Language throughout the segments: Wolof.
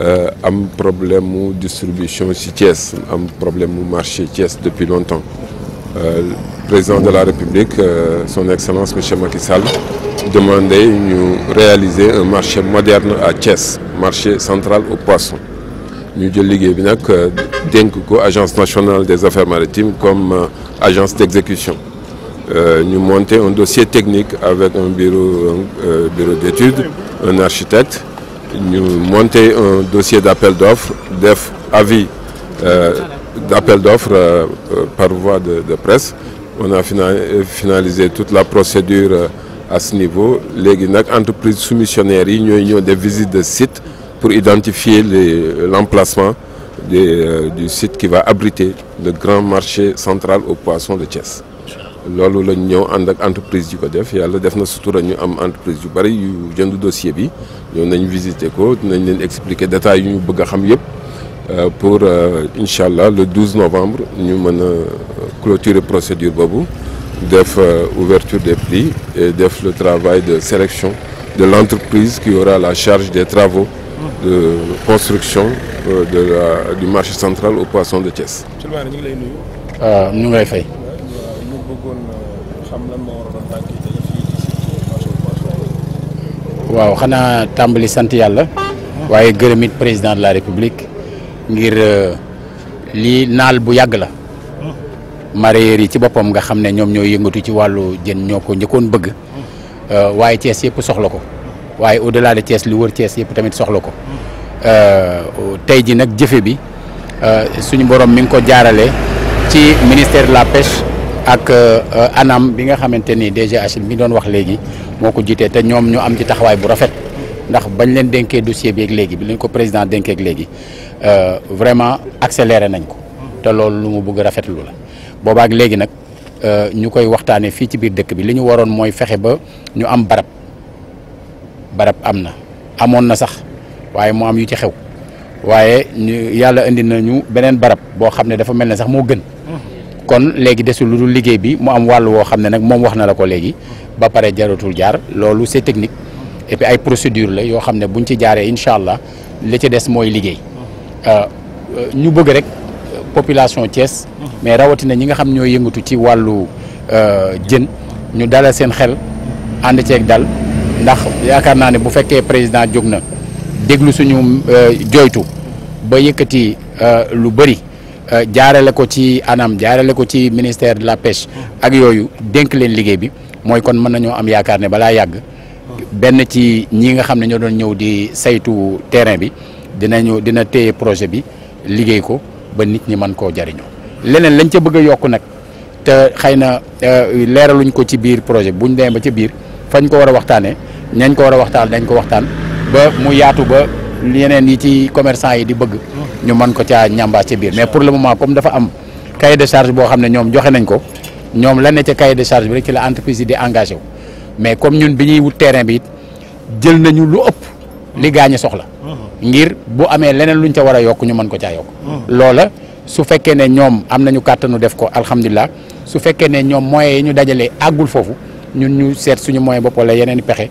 un euh, problème de distribution ci Thiès un problème de marché Thiès depuis longtemps euh, président de la République euh, son excellence M. Macky Sall demandait nous réaliser un marché moderne à Thiès marché central au poisson nous avons liggéey bi agence nationale des affaires maritimes comme agence d'exécution nous monter un dossier technique avec un bureau un bureau d'études un architecte nous monter un dossier d'appel d'offres d'avis euh, d'appel d'offres euh, euh, par voie de, presse on a finalisé toute la procédure à ce niveau Les entreprises entreprises soumissionnaires ont, des visites de site pour identifier l'emplacement du site qui va abriter le grand marché central aux poissons de Thiès lolou lañ ñëw and ak entreprise ji ko def yalla def na sutura ñu am entreprise yu bari yu jënd dossier bi ñëw nañ visiter ko dinañ leen expliquer détails yu ñu bëgg xam euh, pour euh, inshallah, le 12 novembre ñu mën a euh, clôturer procédure boobu def ouverture des prix et def le travail de sélection de l'entreprise qui aura la charge des travaux de construction du marché central au poisson de Thiès. ñu ngi lay nuyu. Ah, ñu ngi lay fay. bëggoon euh, xam lan waaw xanaa tàmbali sant yàlla. waaye gërëm président de la république ngir euh, lii naal bu yàgg la. mareyeur yi ci boppam nga xam ne ñoom ñoo yëngatu ci wàllu jën ñoo ko njëkkoon bëgg. Euh, waaye Thiès yëpp soxla ko. waaye au delà de Thiès lu wër Thiès yëpp tamit soxla ko. tey ji nag jëfe bi suñu borom mi ngi ko jaarale ci ministère la pêche. ak euh, anam bi nga xamante ni DGH mi doon wax léegi moo ko jiitee te ñoom ñu am ci taxawaay bu rafet ndax bañ leen denkee dossier bi ak léegi bi leen ko président dénkee ak léegi euh, vraiment accéléré nañ ko te loolu lu mu bëgg rafetlu la boobaak léegi nag euh, ñu koy waxtaanee fii ci biir dëkk bi li ñu waroon mooy fexe ba ñu am barab barab am na amoon na sax waaye moo am yu ci xew waaye ñu yàlla indi nañu beneen barab boo xam ne dafa mel ne sax moo gën kon léegi desul lu dul liggéey bi mu am wàll woo xam ne nag moom wax na la ko léegi ba pare jaratul jaar loolu c'est technique et puis ay procédure la yoo xam ne bu buñ ci jaaree incha allah li ci des mooy liggéey euh, ñu bëgg rek population cees mais rawatina ñi nga xam ñoo yëngatu ci wàllu euh, jën ñu dalal seen xel ànd ceeg dal ndax yaakaar naa ne bu fekkee président jóg na déglu suñu euh, joytu ba yëkkati lu bëri Euh, jaarale ko ci anam jaarale ko ci ministère de la pêche ak yooyu dénk leen liggéey bi mooy kon mën nañoo am yaakaar ne balaa yàgg benn ci ñi nga xam ne ñoo doon ñëw di saytu terrain bi ñëw dina téye projet bi liggéey ko ba nit ñi mën koo jariñoo leneen lañ ca bëgg a yokk nag te xëy na euh, leeraluñ ko ci biir projet buñ demee ba ca biir fañ ko war a waxtaanee ñañ ko war a waxtaan dañ ko waxtaan ba mu yaatu ba yeneen yi ci commerçant yi di bëgg ñu mën ko caa ñàmbaas ci biir mais pour le moment comme dafa am cahier de charge boo xam ne ñoom joxe nañ ko ñoom la ne ca cahier de charge bi rek ci la entreprise yi di engagé wu mais comme ñun bi ñuy wut terrain bi it jël nañu lu ëpp li gaañe soxla ngir bu amee leneen luñ ca war a yokk ñu mën ko caa yokk loola su fekkee ne ñoom am nañu kàttanu def ko alhamdulilah su fekkee ne ñoom moyens ñu dajalee àggul foofu ñun ñu seet suñu moyen bopp la yeneen pexe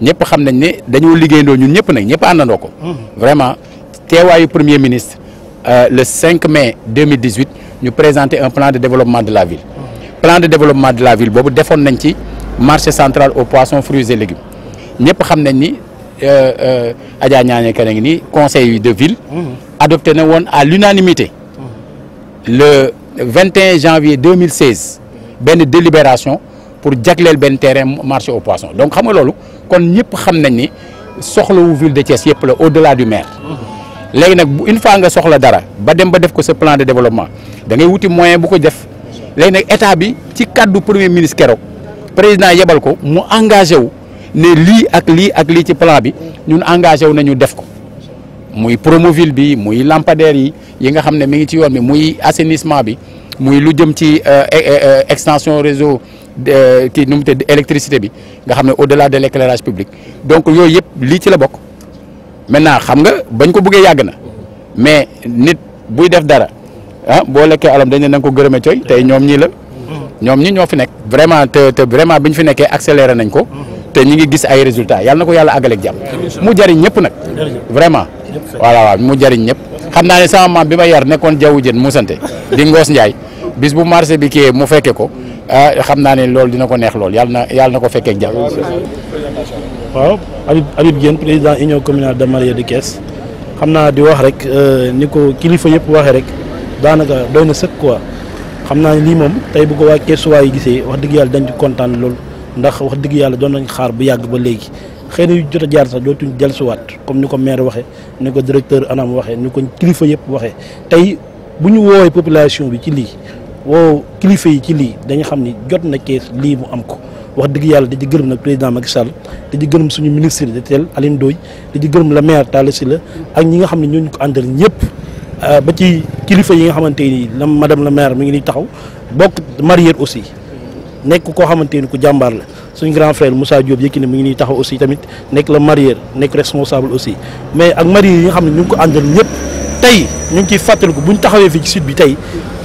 Nous xam nañ ne nous, liggéeyandoo ñun ñëpp nag ñëpp hum. vraiment le premier ministre euh, le 5 mai 2018 nous présenté un plan de développement de la ville. Hum. plan de développement de la ville boobu defoon nañ marché central aux poissons fruits et légumes ñëpp xam nañ euh, euh, conseil de ville. Hum. adopté à l'unanimité le 21 janvier 2016 une délibération pour jagleel benn terrain marché aux poissons donc xam nga kon ñëpp xam nañ ni avons ville de Thiès au delà du maire. une fois que soxla dara ba dem plan de développement da ngay besoin moyen bu ko def léegi nag état bi cadre du premier ministre le président ko engagé ne ak engagé wu nañu def ko. lampadaire yi yi muy lu jëm ci euh, e, e, e, extension réseau euh, kii nu mu tëdd électricité bi nga xamné au delà de l'éclairage public donc yooyu yëpp lii ci la bok maintenant xam nga bañ ko bëggé yag na mais nit buy def dara hein ah, bo lekkee alam dañ ne na ko gërëme coy tay ñom ñi la ñom ñi ñoo nek vraiment te te vraiment bi fi nekkee accéléré nañ ko té ñi ngi gis ay résultats yalla nako yalla agalé àggaleeg jàmm mu jariñ ñep nak vraiment voilà waaw mu jariñ ñep xam naa ne sama maam bi yar nekkoon jaww jën mu santé di ngoss Njaay bis bu marché bi kii mu fekke ko ah xam naa ne loolu dina ko neex lool yàlla na yàlla na ko fekkee jàmm. waaw Habib Habib Diène président union communale de Maria de Thiès xam naa di wax rek euh, ni ko kilifa yëpp waxee rek daanaka doy na sëkk quoi xam naa lii moom tey bu ko waa Thiessois yi gisee wax dëgg yàlla dañu ci kontaan lool ndax wax dëgg yàlla doon nañ xaar bu yàgg ba léegi. xëy yu jot a jaar sax dootuñ dellusiwaat comme ni ko maire waxee ni ko directeur anam waxee ni ko kilifa yëpp waxee tey bu ñu woowee population bi ci lii woo kilifa yi ci lii dañu xam ni jot na Thiès lii mu am ko wax dëgg yàlla di ci gërëm nag président Macky Sall di ci gërëm suñu ministre de tel Aline Ndoye di ci gërëm la maire Talla Sylla ak ñi nga xam ne ñooñu ko àndal ñëpp euh, ba ci kilifa yi nga xamante ni la madame la maire mi ngi ni taxaw bokk mareyeur aussi nekk koo xamante ni ku jàmbaar la suñu grand frère Moussa Diop Yékini mi ngi ni taxaw aussi tamit nekk la mareyeur nekk responsable aussi mais ak mareyeur yi nga xam ne ñu ngi ko àndal ñëpp tey ñu ngi ciy fàttaliku bu ñu taxawee fii ci sud bi tey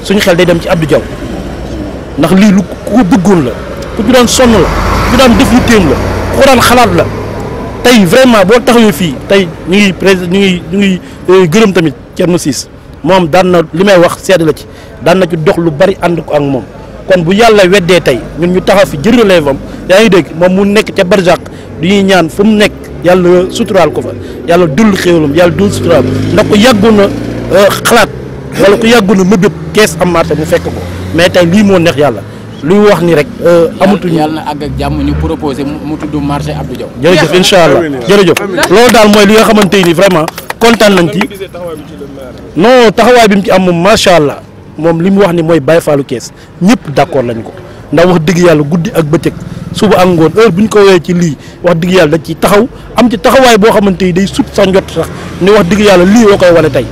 suñu xel day dem ci Abdou Diaw ndax li lu ko bëggoon la ku ju daan sonn la ku daan def yu yitteem la ku daan xalaat la tey vraiment boo taxawee fii tey ñu ngi président ñu ngi ñu ngi euh, gërëm tamit Thierno Ciss moom daan na li may wax sedd la ci daan na ci dox lu bari ànd ko ak moom kon bu yàlla weddee tey ñun ñu taxaw fi jël relève am yaa ngi dégg moom mu nekk ca barzak du ñuy ñaan fu mu nekk yàlla sutural ko fa yàlla dul xéewalam yàlla dul sutural ndax ko yàggu na euh, xalaat wala ku yàggu na mëbëb kees am marché mu fekk ko mais tey lii moo neex yàlla luy wax ni rek. Euh, amatuñu yàlla na àgg ak jàmm ñu proposé mu tudd marché Abdou Diaw. jërëjëf incha allah jërëjëf loolu daal mooy li nga xamante ni vraiment kontaan nañ ci non taxawaay bi mu ci am moom macha allah moom li mu wax ni mooy Baye Fallou kees ñëpp d' accord lañ ko ndax wax dëgg yàlla guddi ak bëccëg. suba ak ngoon heure bu ñu ko woowee ci lii wax dëgg yàlla dañ ci taxaw am ci taxawaay boo xamante ni day sut sa njot sax ni wax dëgg yàlla lii woo koy wane tey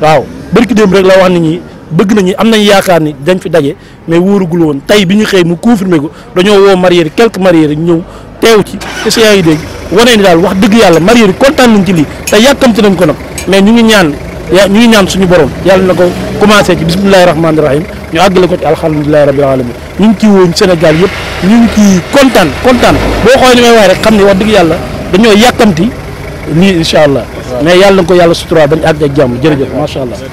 waaw barki démb rek la wax nit ñi bëgg nañu am nañ yaakaar ni dañ fi daje mais wóorugul woon tey bi ñu xëy mu confirmé ko dañoo woo mariéri quelques mariéri ñëw teew ci est-ce que yaa ni daal wax dëgg yàlla mariéri kontaan nañ ci lii te yàkkamti nañ ko nag mais ñu ngi ñaan ya ñu ngi ñaan suñu borom yàlla na ko commencé ci bisimilahi rahmaani rahim ñu àggale ko ci alhamdulilahi rabbil alamin ñu ngi ci woon Sénégal yëpp ñu ngi ci kontaan kontaan boo xoolee ni may wax rek xam ne wax dëgg yàlla dañoo yàkkamti lii incha allah mais yàlla na ko yàlla sutura jërëjëf macha